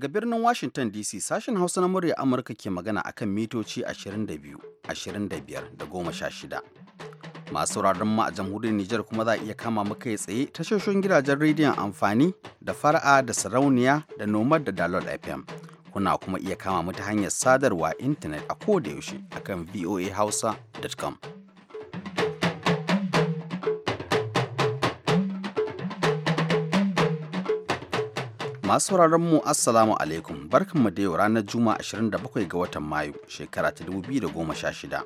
Daga birnin Washington DC sashen Hausa na murya Amurka ke magana akan mitoci 22, 25 da 16. Masu sauraron mu a jamhuriyar Nijar kuma za a iya kama mu kai tsaye tashoshin gidajen rediyon amfani da fara'a da sarauniya da nomad da dalol FM. Kuna kuma iya kama mu ta hanyar sadarwa intanet a koda yaushe akan voahausa.com. Masu sauraron mu Assalamu alaikum barkanmu da yau ranar Juma'a 27 ga watan Mayu shekara ta 2016.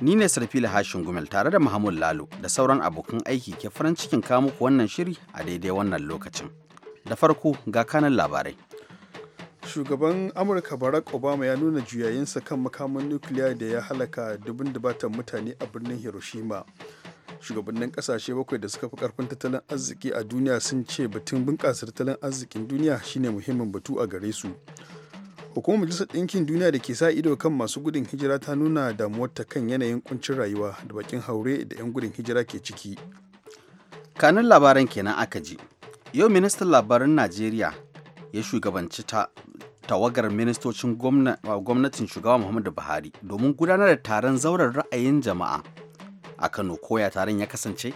Ni ne Sarfila Hashin Gumel tare da Muhammad Lalo da sauran abokan aiki ke farin cikin kawo muku wannan shiri a daidai wannan lokacin. Da farko ga kanan labarai. Shugaban Amurka Barack Obama ya nuna juyayinsa kan makaman nukiliya da ya halaka dubin dubatan mutane a birnin Hiroshima. shugabannin kasashe bakwai da suka fi karfin tattalin arziki a duniya sun ce batun bunƙasa tattalin arzikin duniya shine muhimmin batu a gare su hukumar majalisar ɗinkin duniya da ke sa ido kan masu gudun hijira ta nuna damuwarta kan yanayin kuncin rayuwa da bakin haure da 'yan gudun hijira ke ciki kanun labaran kenan aka ji yau ministan labaran najeriya ya shugabanci ta tawagar ministocin gwamnatin shugaba muhammadu buhari domin gudanar da taron zauren ra'ayin jama'a a Kano koya taron ya kasance?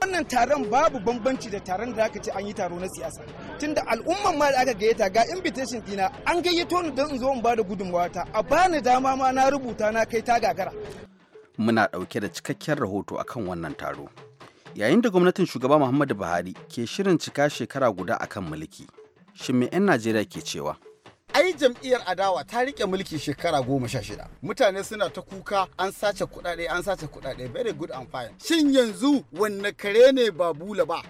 wannan taron babu bambanci da taron da aka ce an yi taro na siyasa tunda al'umman ma da aka gayyata ga invitation dina an gayyato ni don in zo in ba da gudunmawata a bani dama ma na rubuta na kai ta gagara muna ɗauke da cikakken rahoto akan wannan taro yayin da gwamnatin shugaba muhammadu buhari ke shirin cika shekara guda akan mulki shin me 'yan najeriya ke cewa ai jam'iyyar adawa ta rike mulki shekara goma sha shida mutane suna ta kuka an sace kuɗaɗe an sace kuɗaɗe very good and fine shin yanzu wanne kare ne ba bula ba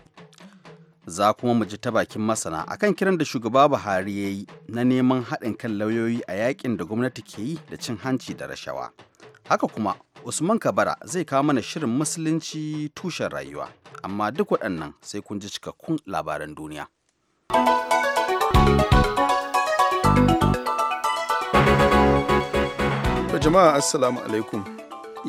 za kuma mu ji ta bakin masana akan kiran da shugaba Buhari ya yi na neman haɗin kan lauyoyi a yakin da gwamnati ke yi da cin hanci da rashawa. Haka kuma Usman Kabara zai kawo mana shirin musulunci tushen rayuwa, amma duk waɗannan sai kun ji cikakkun labaran duniya. jama'a assalamu alaikum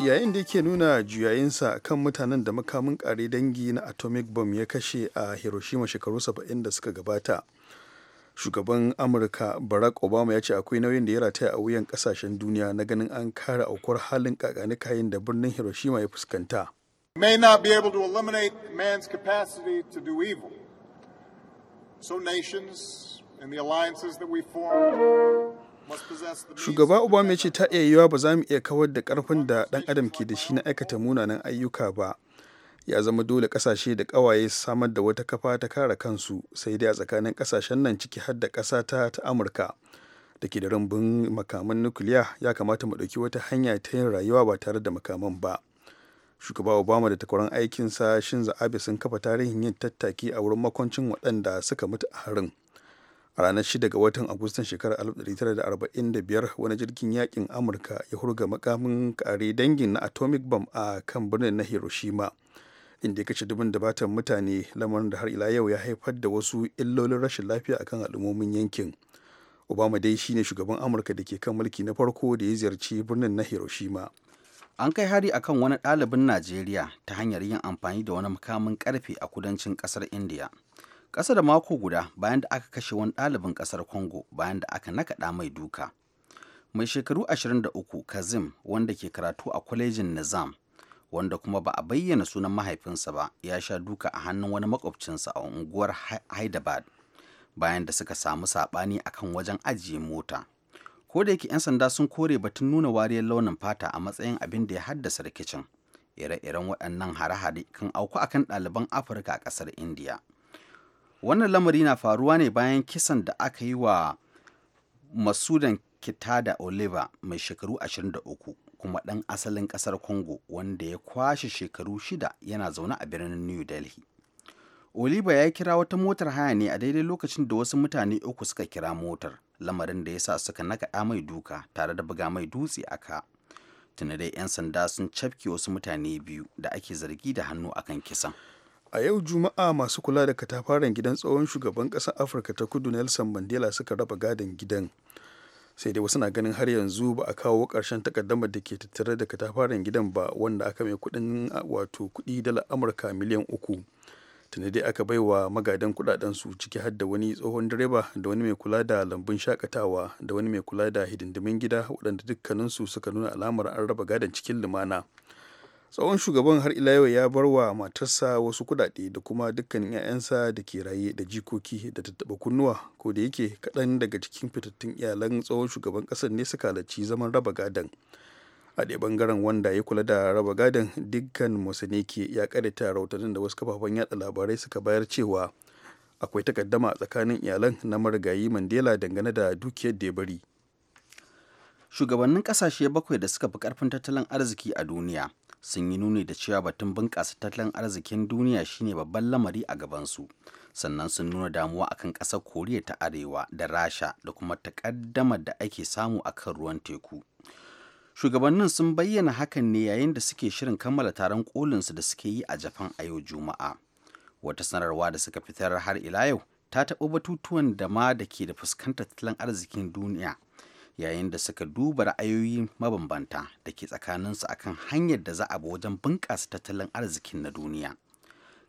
yayin da yake nuna juyayinsa kan mutanen da makamin kare dangi na atomic bomb ya kashe a hiroshima shekaru 70 da suka gabata shugaban amurka barack obama ya ce akwai nauyin da ya rataya a wuyan kasashen duniya na ganin an kare aukuwar halin kakani kayan da birnin hiroshima ya fuskanta may not be able to eliminate man's capacity to do evil so nations and the alliances that we form shugaba obama ya ce ta iya yiwa ba za mu iya kawar da karfin da dan adam ke da shi na aikata munanan ayyuka ba ya zama dole kasashe da kawaye samar da wata kafa ta kare kansu sai dai a tsakanin kasashen nan ciki har da kasa ta ta amurka da ke da rumbun makaman nukiliya ya kamata mu ɗauki wata hanya ta yin rayuwa ba tare da makaman ba shugaba obama da takwaran aikinsa shin abe sun kafa tarihin yin tattaki a wurin makwancin waɗanda suka mutu a harin a ranar 6 ga watan agustan shekarar 1945 wani jirgin yakin amurka ya hurga makamin kare dangin na atomic bomb a kan birnin na hiroshima inda ya kashe dubin dabatan mutane lamarin da har ila yau ya haifar da wasu illolin rashin lafiya akan al'ummomin yankin obama dai shine shugaban amurka da ke kan mulki na farko da ya ziyarci birnin na hiroshima an kai hari akan wani ɗalibin najeriya ta hanyar yin amfani da wani makamin karfe a kudancin ƙasar india ƙasa da mako guda bayan da aka kashe wani ɗalibin ƙasar congo bayan da aka nakaɗa mai duka mai shekaru 23 kazim wanda ke karatu a kwalejin nizam wanda kuma ba a bayyana sunan mahaifinsa ba ya sha duka a hannun wani makwabcinsa a unguwar haidabad bayan da suka samu saɓani a kan wajen ajiye mota ko da yake 'yan sanda sun kore batun nuna wariyar launin fata a matsayin abin da ya haddasa rikicin ire-iren waɗannan hare-hare kan auku akan ɗaliban afirka a ƙasar indiya wannan lamari na faruwa ne bayan kisan da aka yi wa masudan kitada oliva mai shekaru 23 kuma ɗan asalin ƙasar congo wanda ya kwashe shekaru shida yana zaune a birnin new delhi oliva ya kira wata motar haya ne a daidai lokacin da wasu mutane uku suka kira motar lamarin da ya sa suka nakaɗa mai duka tare da buga mai dutse aka ka 'yan sanda sun cafke wasu mutane biyu da ake zargi da hannu akan kisan a yau juma'a masu kula da katafaren gidan tsohon shugaban ƙasar afirka ta kudu nelson mandela suka raba gadon gidan sai dai wasu na ganin har yanzu ba a kawo ƙarshen takaddamar da ke tattare da katafaren gidan ba wanda aka mai kuɗin wato kuɗi dala amurka miliyan uku tuni dai aka bai wa magadan kudaden su ciki har da wani tsohon direba da wani mai kula da lambun shakatawa da wani mai kula da hidindimin gida waɗanda dukkaninsu suka nuna alamar an raba gadon cikin lumana tsawon shugaban har ila yau ya bar wa matarsa wasu kudade da kuma dukkanin 'ya'yansa da ke raye da jikoki da tattaba kunnuwa ko da yake kaɗan daga cikin fitattun iyalan tsawon shugaban ƙasar ne suka halarci zaman raba gadon a ɗaya ɓangaren wanda ya kula da raba gadon dukkan musaniki ya ƙarita rahotannin da wasu kafafen yada labarai suka bayar cewa akwai takaddama a tsakanin iyalan na marigayi mandela dangane da dukiyar da ya bari shugabannin ƙasashe bakwai da suka fi ƙarfin tattalin arziki a duniya sun yi nuni da cewa batun bunƙasa tattalin arzikin duniya shine babban lamari a gabansu sannan sun nuna damuwa akan ƙasar koriya ta arewa da rasha da kuma takaddamar da ake samu akan ruwan teku shugabannin sun bayyana hakan ne yayin da suke shirin kammala taron kolinsu da suke yi a japan a yau juma'a wata sanarwa da suka fitar har ila yau ta taɓa batutuwan da ma da ke da fuskantar tattalin arzikin duniya yayin da suka duba ra'ayoyi mabambanta da ke tsakaninsu akan hanyar da za a bi wajen bunƙasa tattalin arzikin na duniya.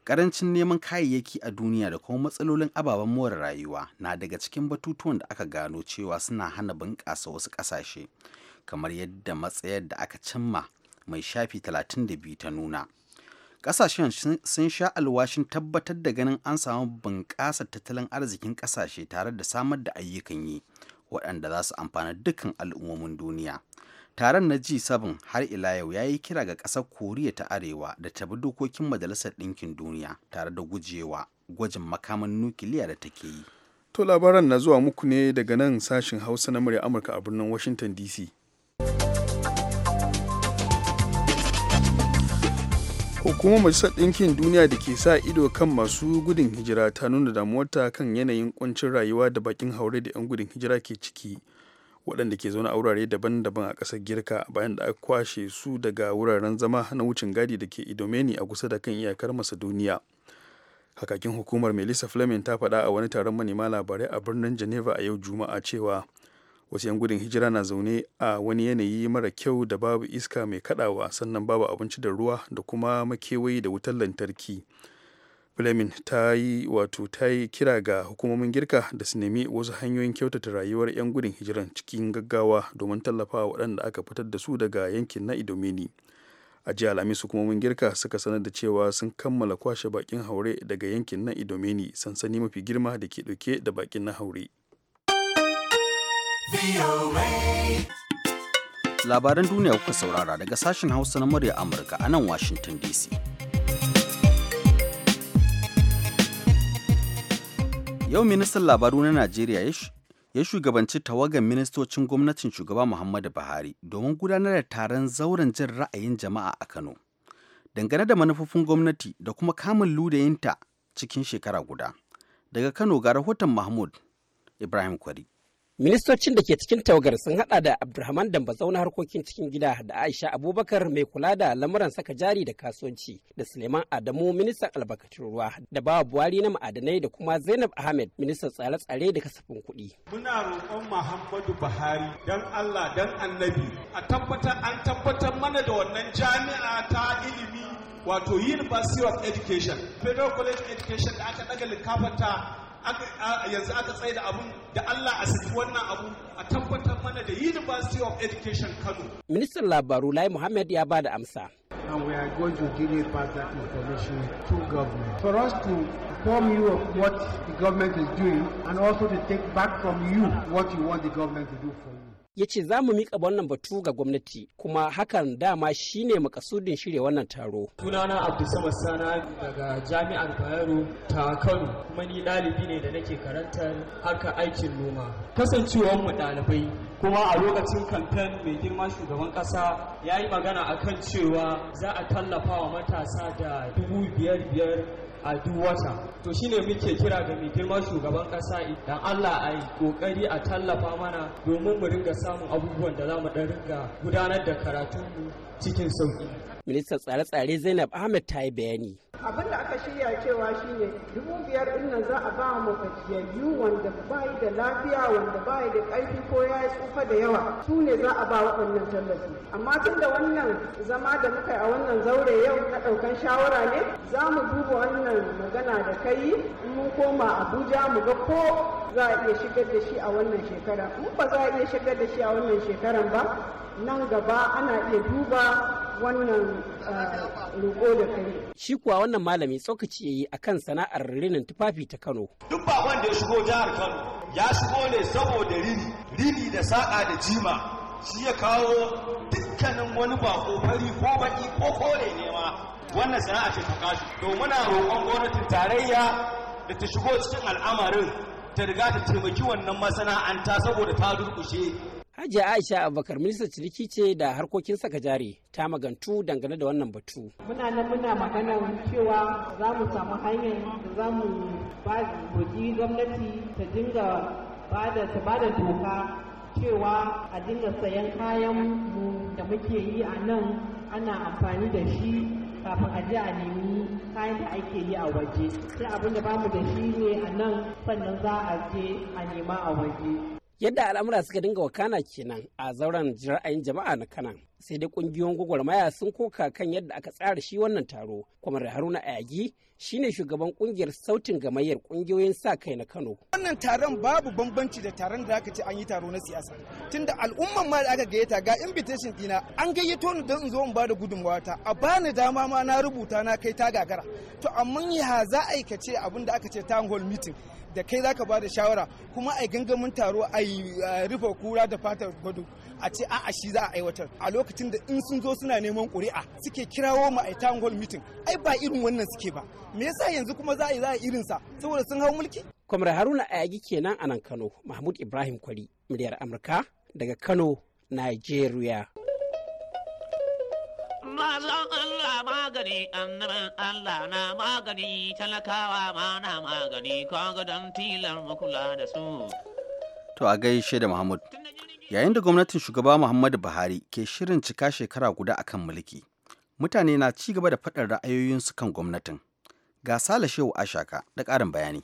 Ƙarancin neman kayayyaki a duniya da kuma matsalolin ababen more rayuwa na daga cikin batutuwan da aka gano cewa suna hana bunƙasa wasu ƙasashe, kamar yadda matsayar da aka cimma mai shafi 32 ta nuna. Ƙasashen sun sha alwashin tabbatar da ganin an samu bunƙasa tattalin arzikin ƙasashe tare da samar da ayyukan yi waɗanda za su amfana dukkan al'ummomin duniya taron na g7 har ila yau ya yi kira ga ƙasar koriya ta arewa da ta bi dokokin majalisar ɗinkin duniya tare da gujewa gwajin makaman nukiliya da take yi to labaran na zuwa muku ne daga nan sashin hausa na murya amurka a birnin washington dc hukumar majalisar ɗinkin duniya da ke sa ido kan masu gudun hijira ta nuna damuwarta kan yanayin kuncin rayuwa da bakin haure da 'yan gudun hijira ke ciki waɗanda ke zaune a wurare daban-daban a ƙasar girka bayan da aka kwashe su daga wuraren zama na wucin gadi da ke idomeni a kusa da kan iyakar macedonia hakakin hukumar melissa fleming ta faɗa a wani taron manema labarai a birnin geneva a yau juma'a cewa wasu 'yan gudun hijira na zaune a wani yanayi mara kyau da babu iska mai kadawa sannan babu abinci da ruwa da kuma makewayi da wutar lantarki fleming ta yi wato ta yi kira ga hukumomin girka da su nemi wasu hanyoyin kyautata rayuwar 'yan gudun hijiran cikin gaggawa domin tallafa waɗanda aka fitar da su daga yankin na idomeni a jiya alhamis hukumomin girka suka sanar da cewa sun kammala kwashe bakin haure daga yankin na idomeni sansani mafi girma da ke ɗauke da bakin na haure Labaran duniya kuka saurara daga sashen Hausa na murya Amurka a nan Washington DC. Yau ministan labaru na Najeriya ya shugabanci tawagan ministocin gwamnatin shugaba Muhammadu Buhari domin gudanar da taron zauren jin ra'ayin jama'a a Kano. Dangane da manufofin gwamnati da kuma kamun ludayinta cikin shekara guda. Daga Kano ga rahoton Mahmud Ibrahim Kwari. ministocin da ke cikin tawagar sun hada da abdulrahman dambazau na harkokin cikin gida da aisha abubakar mai kula da lamuran saka jari da kasuwanci da suleiman adamu ministan albarkatun ruwa da bawa buhari na ma'adanai da kuma zainab ahmed ministan tsare-tsare da kasafin kuɗi. muna roƙon muhammadu buhari dan allah dan annabi a tabbatar an tabbatar mana da wannan jami'a ta ilimi wato university of education federal college education da aka ɗaga likafata yanzu aka tsaye da abun da Allah a saki wannan abu a tabbatar mana da University of Education Kano. Ministan labaru Lai Muhammad ya ba da amsa. And we are going to give you back that information to government. For us to inform you of what the government is doing and also to take back from you what you want the government to do for you. ya ce za mu miƙa wannan batu ga gwamnati kuma hakan dama shine makasudin shirya wannan taro. Sunana Abdulsamad Sana daga Jami'ar Bayero ta Kano kuma ni ɗalibi ne da nake karantar harkar aikin noma. Kasancewar mu ɗalibai kuma a lokacin kamfen mai girma shugaban ƙasa ya yi magana akan cewa za a tallafa wa matasa da dubu biyar biyar a duk wata to shine muke kira ga mai girman shugaban kasa idan Allah a yi kokari a tallafa mana domin mu ringa samun abubuwan da zamu mu dan ringa gudanar da karatunmu cikin sauki ministan tsare-tsare Zainab Ahmed ta yi bayani abin da aka shirya cewa shi ne dubu biyar din nan za a ba wa gajiyayyu wanda ba yi da lafiya wanda ba yi da ƙarfi ko ya yi tsufa da yawa su ne za a ba waɗannan tallafi amma tun da wannan zama da muka yi a wannan zaure yau na ɗaukan shawara ne za mu duba wannan magana da kai mun koma abuja mu ga ko za a iya shigar da shi a wannan shekara mun ba za a iya shigar da shi a wannan shekaran ba nan gaba ana iya duba wannan uh, roƙo da kai. Shi kuwa wannan malami tsokaci ya yi a kan sana'ar rinin tufafi ta Kano. Duk ba wanda ya shigo jihar Kano ya shigo ne saboda rini, rini da saƙa da jima. Shi ya kawo dukkanin wani ko fari ko baƙi ko kore ne ma wannan sana'a ce ta kashi. To muna roƙon gwamnatin tarayya da ta shigo cikin al'amarin ta riga ta taimaki wannan masana'anta saboda ta durƙushe Hajiya Aisha Abubakar ministan ciniki ce da harkokin saka jari ta magantu dangane da wannan batu. Muna nan muna magana cewa za mu samu hanyar da za mu goji gwamnati ta dinga ba da doka cewa a dinga sayan kayan mu da muke yi a nan ana amfani da shi kafin a je a nemi kayan da ake yi a waje sai abin da bamu da shi ne a nan sannan za a je a nema a waje yadda al'amura suka dinga wakana kenan a zauren jira'ayin jama'a na kanan sai dai kungiyoyin gwagwarmaya sun koka kan yadda aka tsara shi wannan taro kuma haruna ayagi shine shugaban kungiyar sautin gamayyar kungiyoyin sa kai na kano wannan taron babu bambanci da taron da aka ce an yi taro na siyasa tunda al'umman ma da aka gayyata ga invitation dina an gayyato ni don in zo in bada gudunmawa ta a bani dama ma na rubuta na kai ta gagara to amma ya za a aikace abin da aka ce town hall meeting da kai zaka ba da shawara kuma a gangamin taro a yi rufe kura da fatar gudu a ce a shi za a aiwatar a lokacin da in sun zo suna neman ƙuri'a suke kirawo ma a hall meeting ai ba irin wannan suke ba me yasa yanzu kuma za a yi za a sa saboda sun hau mulki Kwamar haruna a ayagi kenan a nan kano mahmud ibrahim kwari muryar amurka daga kano nigeria zan Allah magani annabin Allah na magani talakawa ma na magani kaga don tilar makula da su. To a gaishe da Muhammad. Yayin da gwamnatin shugaba Muhammadu Buhari ke shirin cika shekara guda akan mulki, mutane na ci gaba da faɗin ra'ayoyinsu kan gwamnatin. Ga Sale Shehu Ashaka da ƙarin bayani.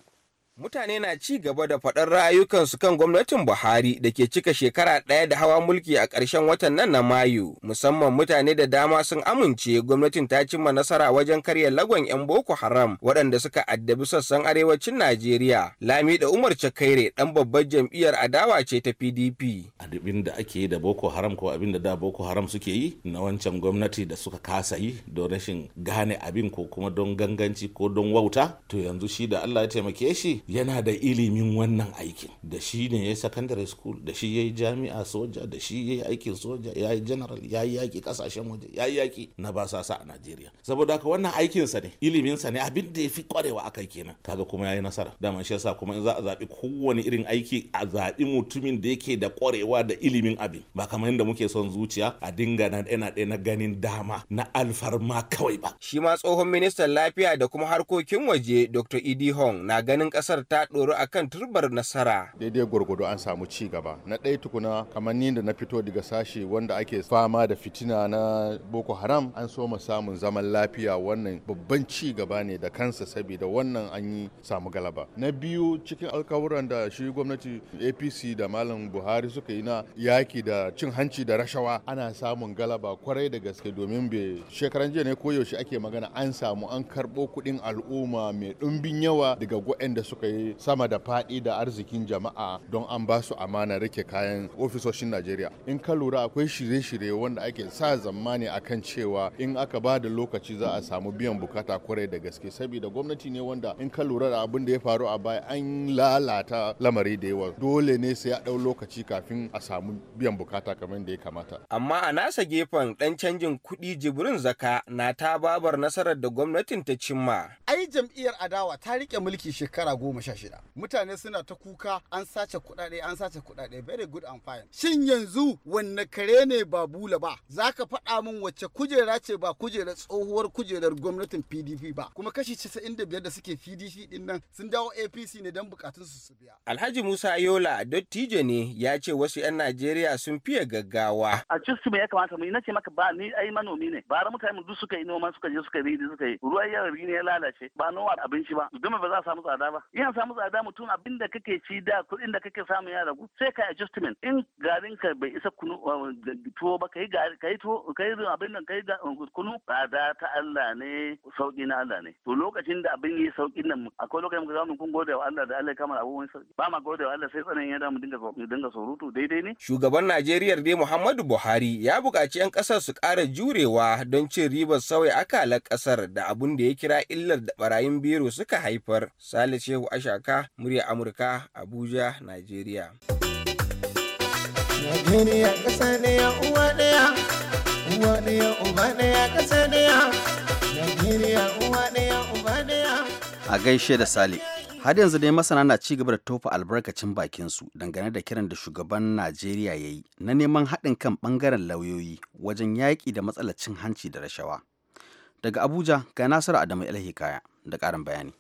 Mutane na ci gaba da faɗar ra'ayukansu kan gwamnatin Buhari da ke cika shekara ɗaya da hawa mulki a ƙarshen watan nan na Mayu. Musamman mutane da dama sun amince gwamnatin ta cimma nasara wajen karya lagon 'yan Boko Haram waɗanda suka addabi sassan arewacin Najeriya. Lami da Umar Chakaire ɗan babbar jam'iyyar adawa ce ta PDP. Abin da ake yi da Boko Haram ko abin da da Boko Haram suke yi na wancan gwamnati da suka kasa yi don rashin gane abin ko kuma don ganganci ko don wauta to yanzu shi da Allah ya taimake shi yana da ilimin wannan aikin da shi ne ya secondary school da shi ya yi jami'a soja da shi ya yi aikin soja ya yi general ya yi yaƙi ƙasashen waje ya yi yaƙi na sa a najeriya saboda haka wannan aikinsa ne iliminsa ne abin da ya fi kwarewa akai kenan kaga kuma ya yi nasara dama shi yasa kuma za a zaɓi kowane irin aiki a zaɓi mutumin da yake da kwarewa da ilimin abin ba kamar yadda muke son zuciya a dinga na ɗaya ɗaya na ganin dama na alfarma kawai ba. shi ma tsohon ministan lafiya da kuma harkokin waje dr idi hong na ganin ƙasa. kasar ta ɗoru a kan turbar nasara. Daidai gwargwado an samu ci gaba. Na ɗaya tukuna kamar ni da na fito daga sashe wanda ake fama da fitina na Boko Haram an so mu samun zaman lafiya wannan babban ci gaba ne da kansa saboda wannan an yi samu galaba. Na biyu cikin alkawuran da shi gwamnati APC da Malam Buhari suka yi na yaki da cin hanci da rashawa ana samun galaba kwarai da gaske domin bai shekaran jiya ne koyaushe ake magana an samu an karɓo kuɗin al'umma mai ɗumbin yawa daga waɗanda suka akwai sama da faɗi da arzikin jama'a don an ba su amana rike kayan ofisoshin Najeriya. In ka lura akwai shirye-shirye wanda ake sa zamani a kan cewa in aka ba da lokaci za a samu biyan bukata kwarai da gaske saboda gwamnati ne wanda in ka lura da abin da ya faru a baya an lalata lamari da yawa dole ne sai a ɗau lokaci kafin a samu biyan bukata kamar da ya kamata. Amma a nasa gefen ɗan canjin kuɗi jibrin zaka na ta babar nasarar da gwamnatin ta cimma. Ai jam'iyyar adawa ta riƙe mulki shekara goma. goma sha shida mutane suna ta kuka an sace kuɗaɗe an sace kuɗaɗe very good and fine shin yanzu wanne kare ne ba bula ba za ka faɗa min wacce kujera ce ba kujerar tsohuwar kujerar gwamnatin pdp ba kuma kashi casa'in da biyar da suke pdp ɗin nan sun dawo apc ne don bukatun su su biya alhaji musa ayola dottijo ne ya ce wasu 'yan najeriya sun fiye gaggawa a cikin me ya kamata mu yi nace maka ba ni ai manomi ne bara mutane duk suka yi noma suka je suka yi suka yi ruwa ya ne ya lalace ba noma abinci ba duk ba za a samu tsada ba ya samu tsada mutum abin da kake ci da kuɗin da kake samu ya ragu sai ka adjustment in garin ka bai isa kunu uh, tuwo ba kai kai tuwo kai abin nan kai uh, kunu tsada ta Allah ne sauki na Allah ne to lokacin da abin yi saukin nan akwai lokacin da zamu kun gode wa Allah da Allah kamar abubuwan sauki ba ma gode wa Allah sai tsanan ya damu dinga dinga surutu daidai ne shugaban Najeriya dai Muhammadu Buhari ya buƙaci 'yan ƙasar su ƙara jurewa don cin ribar sauya akalar ƙasar da abun da ya kira illar da barayin biro suka haifar Sale Shehu Ashaka murya Amurka Abuja Najeriya. Najeriya ƙasa ɗaya uwa ɗaya uwa ɗaya uba ɗaya ƙasa ɗaya Najeriya uwa ɗaya uba ɗaya. A gaishe da Sale. har yanzu dai masana na ci gaba da tofa albarkacin su dangane da kiran da shugaban najeriya ya yi na neman haɗin kan ɓangaren lauyoyi wajen yaƙi da matsalar cin hanci da rashawa daga abuja ga nasiru adamu ilhikaya da ƙarin bayani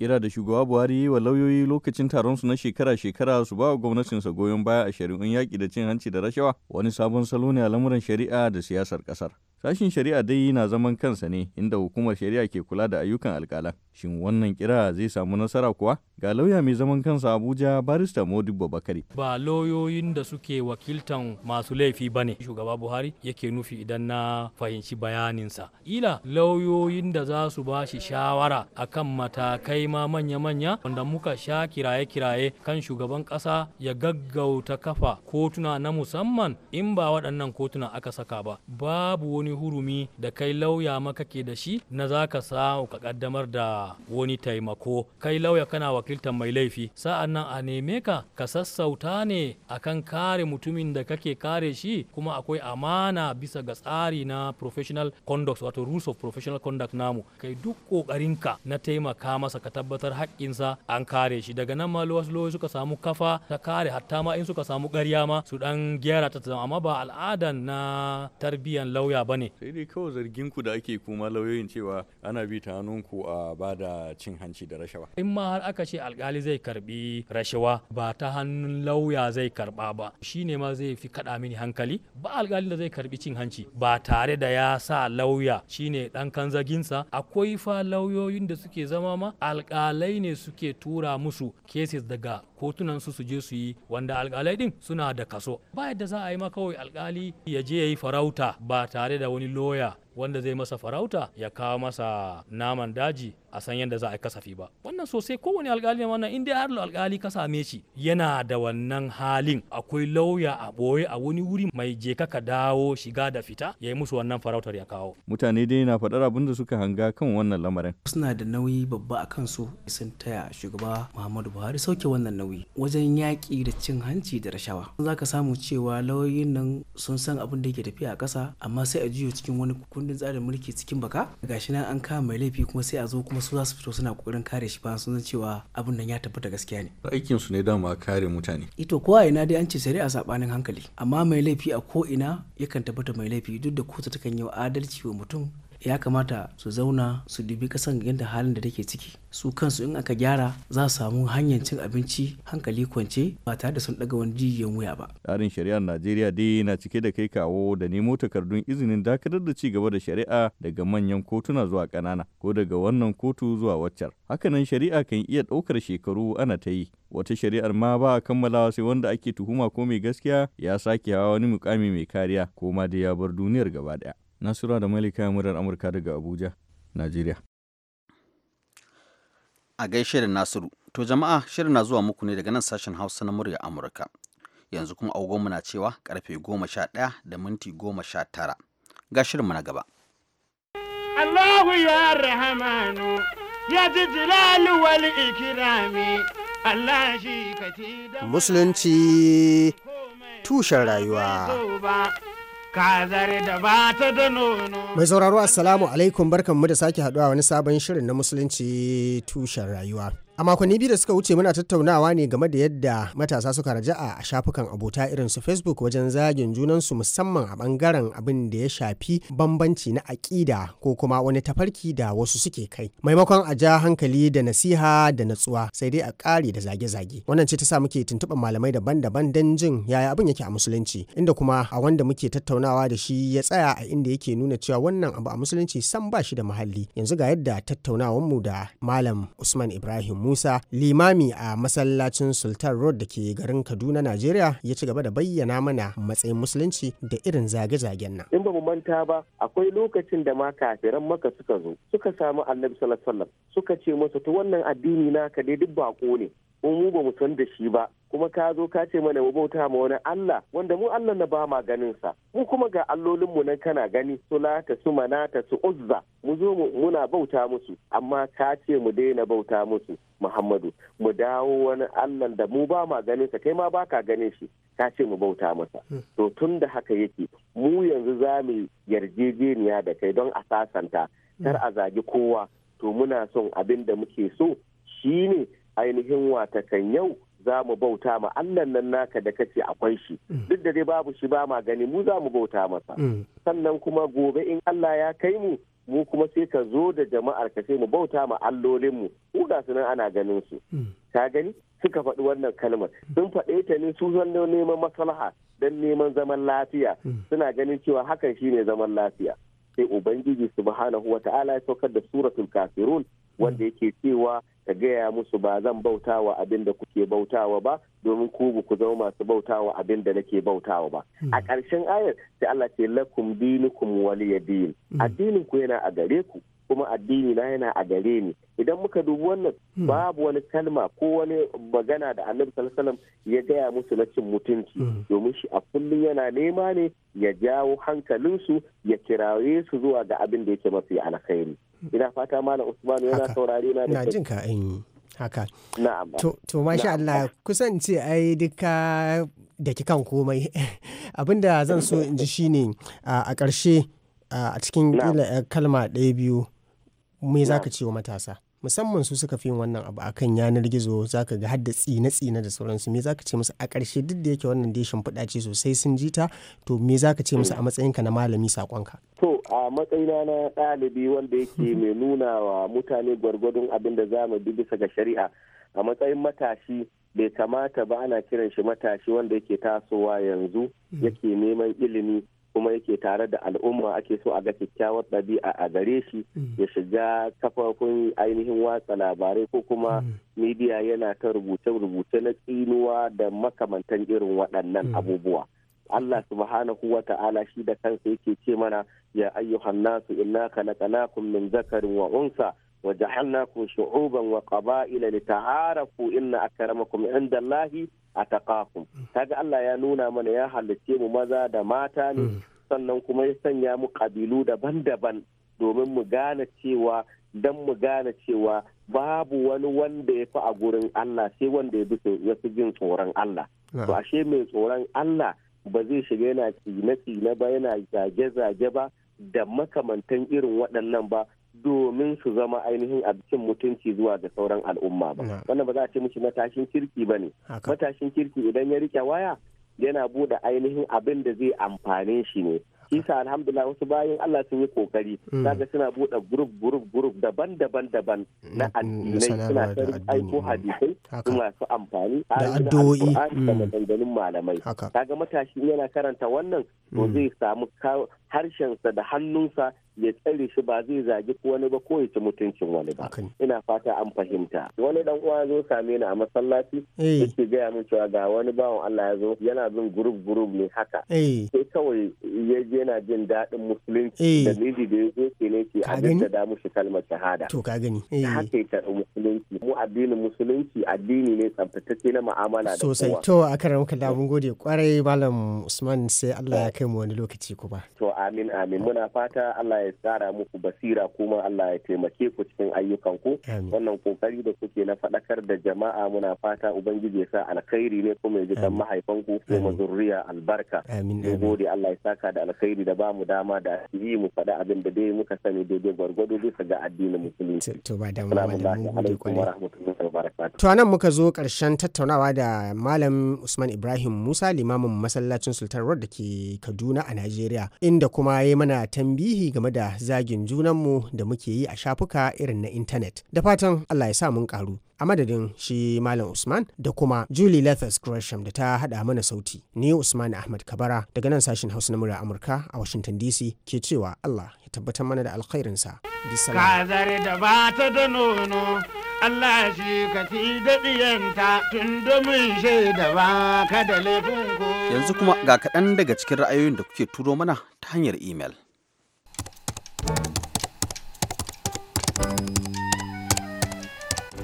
kira da shugaba buhari yi wa lauyoyi lokacin taron su na shekara-shekara su ba wa gwamnatinsa goyon baya a shari'un yaƙi da cin hanci da rashawa wani sabon salo ne a lamuran shari'a da siyasar ƙasar Sashin shari'a dai na zaman kansa ne inda hukumar shari'a ke kula da ayyukan alƙalan. Shin wannan kira zai samu nasara kuwa? Ga lauya mai zaman kansa Abuja barista Modibo Bakari. Ba lauyoyin da suke wakiltan masu laifi ba ne shugaba Buhari yake nufi idan na fahimci bayaninsa. Ila lauyoyin da za su ba shi shawara akan matakai ma manya-manya wanda muka sha kiraye-kiraye kan shugaban kasa ya gaggauta kafa kotuna na musamman in ba waɗannan kotuna aka saka ba. Babu wani wani hurumi da kai lauya ma kake da shi na za ka sa ka kaddamar da wani taimako kai lauya kana wakiltar mai laifi sa'an nan a neme ka ka sassauta ne a kan kare mutumin da kake kare shi kuma akwai amana bisa ga tsari na professional conduct wato rules of professional conduct namu kai duk kokarinka na taimaka masa ka tabbatar haƙƙinsa an kare shi daga nan ma lowas suka samu kafa ta kare hatta ma in suka samu ƙarya ma su dan gyara ta amma ba al'adan na tarbiyan lauya bane ne sai dai kawai zargin ku da ake kuma lauyoyin cewa ana bi ta ku a bada cin hanci da rashawa in ma har aka ce alkali zai karbi rashawa ba ta hannun lauya zai karba ba shine ma zai fi kada mini hankali ba alkali da zai karbi cin hanci ba tare da ya sa lauya shine dan kanzaginsa akwai fa lauyoyin da suke zama ma alkalai ne suke tura musu cases daga kotunan su su je su yi wanda alkalai din suna da kaso ba yadda za a yi ma kawai alkali ya je ya yi farauta ba tare da only lawyer wanda zai masa farauta ya kawo masa naman daji a san yadda za a kasafi ba wannan sosai kowane alkali wannan in dai har alkali ka same shi yana da wannan halin akwai lauya a boye a wani wuri mai je ka dawo shiga da fita ya yi musu wannan farautar ya kawo mutane dai na faɗar abin da suka hanga kan wannan lamarin suna da nauyi babba a kan su sun taya shugaba muhammadu buhari sauke wannan nauyi wajen yaƙi da cin hanci da rashawa za ka samu cewa lauyoyin nan sun san abin da yake tafiya a ƙasa amma sai a juyo cikin wani kukun kundin tsarin mulki cikin baka ga shi nan an kama mai laifi kuma sai a zo kuma su za su fito suna kokarin kare shi bayan sun san cewa abin nan ya tabbata gaskiya ne aikin su ne dama kare mutane ito ko a ina dai an ce shari'a sabanin hankali amma mai laifi a ko ina yakan tabbata mai laifi duk da kotu takan yi adalci wa mutum ya kamata su zauna su dubi kasan yadda halin da take ciki su kansu in aka gyara za su samu hanyar cin abinci hankali kwance ba tare da sun daga wani jijiyan wuya ba tsarin shari'ar najeriya dai na cike da kai kawo da nemo takardun izinin dakatar da ci gaba da shari'a daga manyan kotuna zuwa kanana ko daga wannan kotu zuwa waccar hakanan shari'a kan iya ɗaukar shekaru ana ta yi wata shari'ar ma ba a kammalawa sai wanda ake tuhuma ko mai gaskiya ya sake hawa wani mukami mai kariya ko ma dai ya bar duniyar gaba daya. Nasura da Malika murar Amurka daga Abuja, Najeriya. A gaishe da Nasiru, to jama'a shirin na zuwa muku ne daga nan sashen Hausa na murya Amurka. Yanzu kuma agogon na cewa karfe goma sha ɗaya da minti goma sha tara. Ga mu na gaba. Allahu ya rahamanu ya ji jilalu wal ikirami Allah shi ka Musulunci tushen rayuwa. kazar da ba da nono. Mai sauraro Assalamu alaikum barkan mu da sake haduwa wani sabon shirin na Musulunci tushen rayuwa. A makonni biyu da suka wuce muna tattaunawa ne game da yadda matasa suka raja'a a shafukan abota irin su Facebook wajen zagin junansu musamman a bangaren abin da ya shafi bambanci na aƙida ko kuma wani tafarki da wasu suke kai. Maimakon a ja hankali da nasiha da natsuwa sai dai a ƙare da zage-zage. Wannan ce ta sa muke tuntuɓar malamai daban-daban don jin yaya abin yake a musulunci inda kuma a wanda muke tattaunawa da shi ya tsaya a inda yake nuna cewa wannan abu a musulunci san ba shi da muhalli. Yanzu ga yadda tattaunawanmu da Malam Usman Ibrahim Musa limami a masallacin Sultan Road da ke garin Kaduna Najeriya ya ci gaba da bayyana mana matsayin musulunci da irin zage-zagen nan. In ba mu manta ba akwai lokacin da ma kafiran maka suka zo suka samu Annabi sallallahu alaihi wasallam suka ce masa to wannan addini naka dai duk bako ne mu ba mu san da shi ba kuma ka zo ka ce mana mu bauta ma wani Allah wanda mu Allah na ba ma ganin sa mu kuma ga allolin mu nan kana gani su sumanata su ta su uzza mu zo muna bauta musu amma ka ce mu daina bauta musu Muhammadu mu dawo wani Allah da mu ba ma ganin sa kai ma ba ganin shi ka ce mu bauta masa hmm. to tun da haka yake mu yanzu za mu yarjejeniya da kai don a sasanta kar hmm. a zagi kowa to muna son abin da muke so shine ainihin watakan yau za mu bauta ma Allah nan naka da kace akwai shi mm. duk da dai babu shi ba ma gani mu za mu bauta masa mm. sannan kuma gobe in Allah ya kai mu mu kuma sai ka zo da jama'ar ka sai mu bauta ma allolin mu Ku ga su nan ana ganin su mm. ka gani suka faɗi wannan kalmar sun faɗe ta ne su zan neman maslaha don neman zaman lafiya suna ganin cewa hakan shine zaman lafiya sai ubangiji subhanahu wata'ala ya saukar da suratul kafirun wanda yake cewa ka gaya musu ba zan wa abin da kuke bautawa ba domin ku ku zama masu bauta wa abin da nake bautawa ba hmm. a ƙarshen ayar sai Allah ce lakum dinukum waliyadin hmm. addinin ku yana a gare ku kuma addini na yana a gare ni idan muka dubi wannan hmm. babu wani kalma ko wani magana da annabi sallallahu ya gaya musu na cin mutunci domin shi a kullum yana nema ne ya jawo hankalinsu ya kiraye su zuwa ga abin da yake mafi alkhairi ina fata malam usman yana saurare na da jin ka haka to masha Allah kusance ce ai duka da kan komai abinda zan so in ji shine a ƙarshe a cikin eh, kalma ɗaya biyu me zaka ce wa matasa musamman su suka fi yin wannan abu akan yanar gizo za ka ga har da tsine-tsine da sauransu me za ka ce musu a ƙarshe duk da yake wannan dai shimfiɗa ce sosai sun ji ta to me za ka ce musu a matsayinka na malami saƙonka. to a matsayina na ɗalibi wanda yake mhm. mai nuna wa mutane gwargwadon abin da za mu bi bisa ga shari'a a matsayin matashi bai kamata ba ana kiran shi matashi wanda yake tasowa yanzu mhm. yake neman ilimi kuma yake tare da al'umma ake so a ga kyakkyawar ɗabi'a a gare shi mm. ya shiga kafafun ainihin watsa labarai ko kuma midiya mm. yana ta rubuce-rubuce na tsinuwa da makamantan irin waɗannan mm. abubuwa. Allah subhanahu wa ta'ala shi da kansa yake ce mana ya ayyuhan nasu inna khalaqnakum min zakarin wa unsa وجعلناكم شعوبا وقبائل لتعارفوا ان اكرمكم عند الله اتقاكم هذا الله نونا من يا حلتي mu maza da mata ne sannan kuma ya sanya mu kabilu daban-daban domin mu gane cewa don mu gane cewa babu wani wanda ya fi a gurin Allah sai wanda ya wasu jin tsoron Allah. To ashe mai tsoron Allah ba zai shiga yana tsine-tsine ba yana zage-zage ba da makamantan irin waɗannan ba domin su zama ainihin abincin mutunci zuwa ga sauran al'umma ba wannan ba za a ce mishi matashin kirki ba ne matashin kirki idan ya rike waya yana bude ainihin abin da zai amfane shi ne isa alhamdulillah wasu bayan Allah sun yi kokari mm. kaga suna bude group group group daban-daban daban na mm, mm, addinai suna ta aiko hadisai masu amfani da addu'o'i da maganganun malamai kaga matashi yana karanta wannan to zai samu harshensa da hannunsa ya tsare shi ba zai zagi wani ba ko ya ci mutuncin wani ba ina fata an fahimta wani dan uwa zo same ni a masallaci eh. yake gaya min cewa ga wani bawan Allah ya zo yana bin group group ne haka eh. sai kawai ya je yana jin daɗin musulunci eh. da miji da ya zo ke ne ke a da mushi kalmar shahada to ka gani haka ya musulunci mu addinin musulunci addini ne tsaftatacce na mu'amala da sosai to a karan mun gode kwarai malam Usman sai Allah ya kai mu wani lokaci kuma to amin amin muna fata Allah ya tsara muku basira kuma Allah ya taimake ku cikin ayyukanku wannan kokari da kuke na faɗakar da jama'a muna fata ubangiji ya sa alkhairi ne kuma ya ji kan mahaifanku kuma zurriya albarka mu gode Allah ya saka da alkhairi da bamu dama da yi mu faɗa abin da dai muka sani daidai gwargwado bisa ga addinin musulunci to ba da mu to anan muka zo karshen tattaunawa da malam Usman Ibrahim Musa limamin masallacin Sultan Road da ke Kaduna a Najeriya inda kuma ya yi mana tambihi game da zagin junanmu da muke yi a shafuka irin na intanet da fatan allah ya sa mun karu a madadin shi malam usman da kuma julie lethers gresham da ta hada mana sauti ni usman ahmad kabara daga nan sashen hausa na murya amurka a washington dc ke cewa allah ya tabbatar mana da alkhairinsa. Kazar da ba da nono Allah shi ka fi daɗiyanta tun domin shaida ba ka da laifin ku. Yanzu kuma ga kaɗan daga cikin ra'ayoyin da kuke turo mana ta hanyar imel.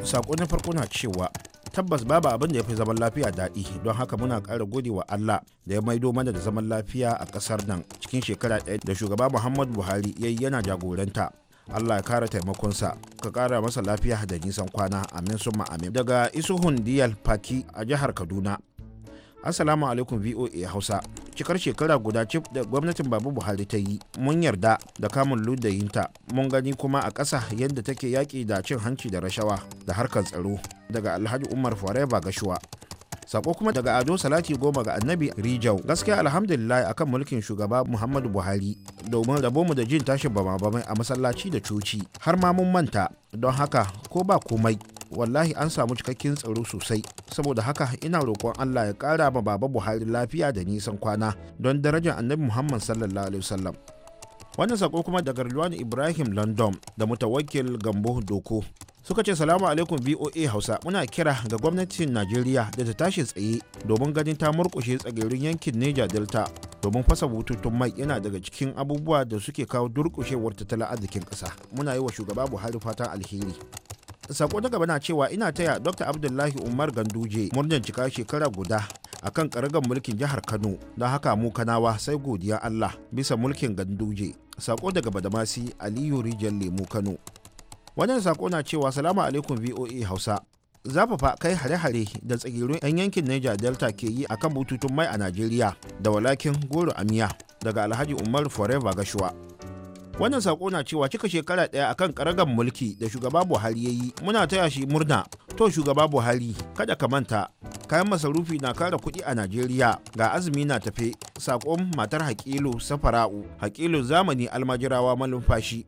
Sako na farko na cewa tabbas babu abin da ya fi zaman lafiya daɗi don haka muna ƙara gode wa Allah da ya maido mana da zaman lafiya a ƙasar nan cikin shekara ɗaya da shugaba Muhammadu Buhari yayi yana jagoranta. Allah ya kara taimakonsa ka kara masa lafiya da nisan kwana amin summa amin daga isuhun diyal paki a jihar Kaduna Assalamu alaikum VOA Hausa. Cikar shekara guda cif da gwamnatin Babu Buhari ta yi, mun yarda da kamun ludayinta, mun gani kuma a ƙasa yadda take yaƙi da cin hanci da rashawa da harkar tsaro daga Alhaji Umar Forever Gashuwa. sako kuma daga ado salati goma ga annabi rijau gaskiya alhamdulillah akan mulkin shugaba muhammadu buhari domin rabo mu da jin tashin bama bamai a masallaci da coci har ma mun manta don haka ko ba komai wallahi an samu cikakken tsaro sosai saboda haka ina roƙon Allah ya ƙara ma baba Buhari lafiya da nisan kwana don darajar annabi Muhammad sallallahu alaihi wasallam wannan sako kuma daga ruwan Ibrahim London da mutawakkil Gambo Doko suka ce salamu alaikum voa hausa muna kira ga gwamnatin najeriya da ta tashi tsaye domin ganin ta murkushe tsagirin yankin neja delta domin fasa bututun mai yana daga cikin abubuwa da suke kawo durkushewar tattalin arzikin kasa muna yi wa shugaba buhari fatan alheri sako na gaba na cewa ina taya dr abdullahi umar ganduje murnar cika shekara guda a kan karagar mulkin jihar kano don haka mu kanawa sai godiya allah bisa mulkin ganduje sako daga badamasi aliyu rijiyar lemu kano wannan sako na cewa salamu alaikum voa hausa zafafa kai hare-hare da tsagirun 'yan yankin niger delta ke yi akan bututun mai a najeriya da walakin goro amiya daga alhaji umar forever gashuwa wannan sako na cewa cika shekara ɗaya akan karagan mulki da shugaba buhari ya yi muna taya shi murna to shugaba buhari kada ka manta kayan masarufi na kara kuɗi a najeriya ga azumi na tafe saƙon matar haƙilu safara'u haƙilu zamani almajirawa malumfashi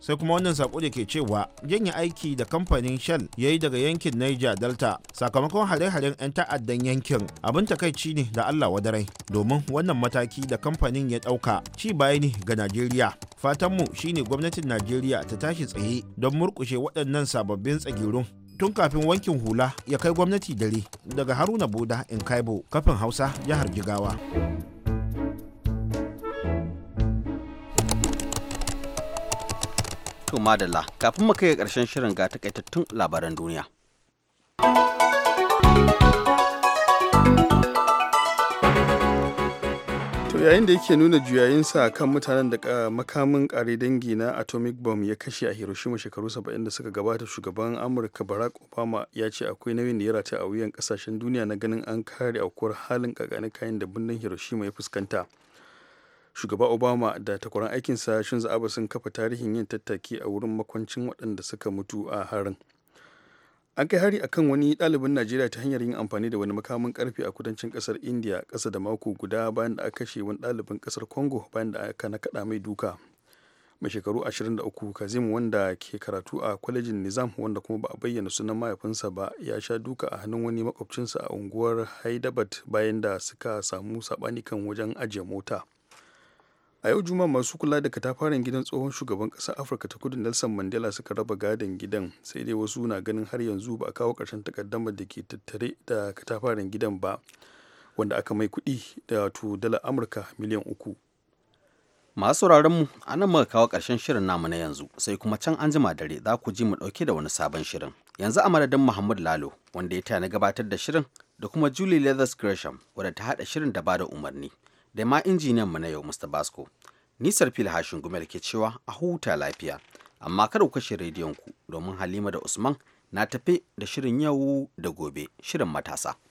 sai kuma wannan sako da ke cewa janye aiki da kamfanin shell ya yi daga yankin niger delta sakamakon hare-haren 'yan ta'addan yankin abin takaici ne da allah wadarai domin wannan mataki da kamfanin ya ɗauka ci baya ne ga najeriya fatanmu shine gwamnatin najeriya ta tashi tsaye don murkushe waɗannan sababbin tsagirun tun kafin wankin hula ya kai gwamnati dare daga haruna boda in kaibo kafin hausa jihar jigawa to madalla kafin mu kai ƙarshen shirin ga takaitattun labaran duniya to yayin da yake nuna juyayinsa kan mutanen da makamin kare dangi na atomic bomb ya kashe a hiroshima shekaru 70 da suka gabata shugaban amurka barack obama ya ce akwai nauyin da ya rata a wuyan kasashen duniya na ganin an kare aukuwar halin kakanin kayan da birnin hiroshima ya fuskanta shugaba obama da takwaran aikinsa shin za'aba sun kafa tarihin yin tattaki a wurin makwancin waɗanda suka mutu a harin an kai hari akan wani ɗalibin najeriya ta hanyar yin amfani da wani makamin karfe a kudancin kasar india kasa da mako guda bayan da aka kashe wani ɗalibin kasar congo bayan da aka nakaɗa mai duka mai shekaru 23 kazim wanda ke karatu a kwalejin nizam wanda kuma ba a bayyana sunan mahaifinsa ba ya sha duka a hannun wani makwabcinsa a unguwar haidabad bayan da suka samu saɓani kan wajen ajiye mota a yau juma'a masu kula da katafaren gidan tsohon shugaban ƙasar afirka ta kudu nelson mandela suka raba gadon gidan sai dai wasu na ganin har yanzu ba a kawo ƙarshen takaddamar da ke tattare da katafaren gidan ba wanda aka mai kuɗi da wato dala amurka miliyan uku masu mu a nan muka kawo ƙarshen shirin namu na yanzu sai kuma can an jima dare za ku ji mu ɗauke da wani sabon shirin yanzu a madadin muhammad lalo wanda ya tana gabatar da shirin da kuma julie leathers gresham wadda ta haɗa shirin da bada umarni da ma injiniyan mu na yau Mr. Basco. Nisar fil hashin gumel ke cewa a huta lafiya, amma kada ku kashe rediyon ku domin Halima da Usman na tafe da shirin yau da gobe, shirin matasa.